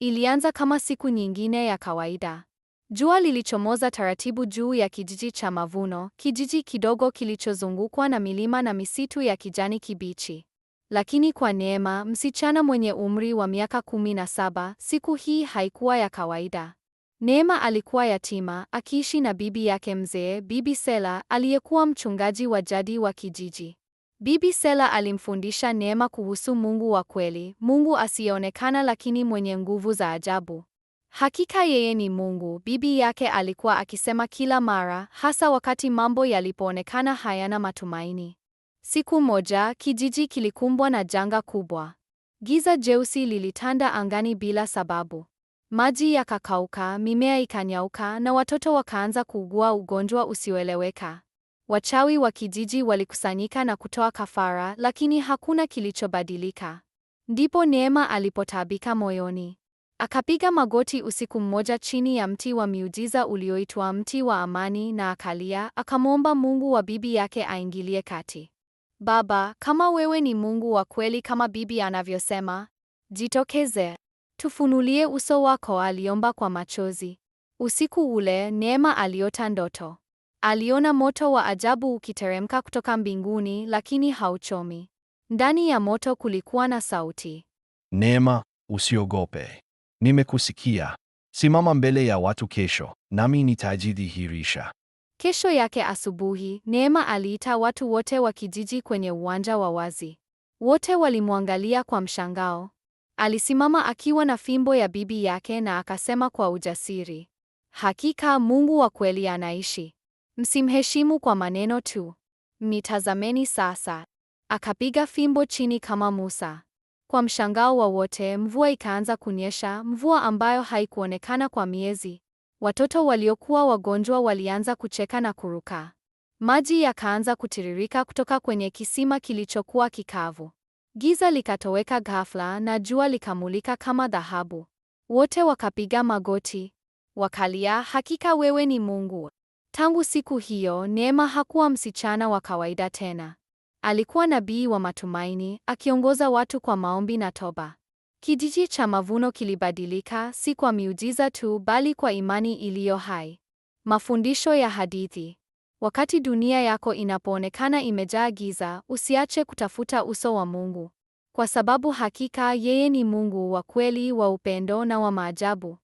Ilianza kama siku nyingine ya kawaida. Jua lilichomoza taratibu juu ya kijiji cha Mavuno, kijiji kidogo kilichozungukwa na milima na misitu ya kijani kibichi. Lakini kwa Neema, msichana mwenye umri wa miaka kumi na saba, siku hii haikuwa ya kawaida. Neema alikuwa yatima, akiishi na bibi yake mzee, Bibi Sela, aliyekuwa mchungaji wa jadi wa kijiji. Bibi Sela alimfundisha Neema kuhusu Mungu wa kweli, Mungu asiyeonekana lakini mwenye nguvu za ajabu. Hakika yeye ni Mungu, bibi yake alikuwa akisema kila mara, hasa wakati mambo yalipoonekana hayana matumaini. Siku moja, kijiji kilikumbwa na janga kubwa. Giza jeusi lilitanda angani bila sababu. Maji yakakauka, mimea ikanyauka na watoto wakaanza kuugua ugonjwa usioeleweka. Wachawi wa kijiji walikusanyika na kutoa kafara, lakini hakuna kilichobadilika. Ndipo Neema alipotaabika moyoni. Akapiga magoti usiku mmoja chini ya mti wa miujiza ulioitwa mti wa amani na akalia, akamwomba Mungu wa bibi yake aingilie kati. Baba, kama wewe ni Mungu wa kweli kama bibi anavyosema, jitokeze, tufunulie uso wako, aliomba kwa machozi. Usiku ule Neema aliota ndoto. Aliona moto wa ajabu ukiteremka kutoka mbinguni, lakini hauchomi. Ndani ya moto kulikuwa na sauti, Neema, usiogope, nimekusikia. Simama mbele ya watu kesho, nami nitajidhihirisha. Kesho yake asubuhi, Neema aliita watu wote wa kijiji kwenye uwanja wa wazi. Wote walimwangalia kwa mshangao. Alisimama akiwa na fimbo ya bibi yake na akasema kwa ujasiri, Hakika Mungu wa kweli anaishi. Msimheshimu kwa maneno tu, Mitazameni sasa. Akapiga fimbo chini kama Musa. Kwa mshangao wa wote, mvua ikaanza kunyesha, mvua ambayo haikuonekana kwa miezi. Watoto waliokuwa wagonjwa walianza kucheka na kuruka. Maji yakaanza kutiririka kutoka kwenye kisima kilichokuwa kikavu. Giza likatoweka ghafla na jua likamulika kama dhahabu. Wote wakapiga magoti, wakalia, hakika wewe ni Mungu. Tangu siku hiyo, Neema hakuwa msichana wa kawaida tena. Alikuwa nabii wa matumaini, akiongoza watu kwa maombi na toba. Kijiji cha Mavuno kilibadilika, si kwa miujiza tu, bali kwa imani iliyo hai. Mafundisho ya hadithi. Wakati dunia yako inapoonekana imejaa giza, usiache kutafuta uso wa Mungu, kwa sababu hakika yeye ni Mungu wa kweli, wa upendo na wa maajabu.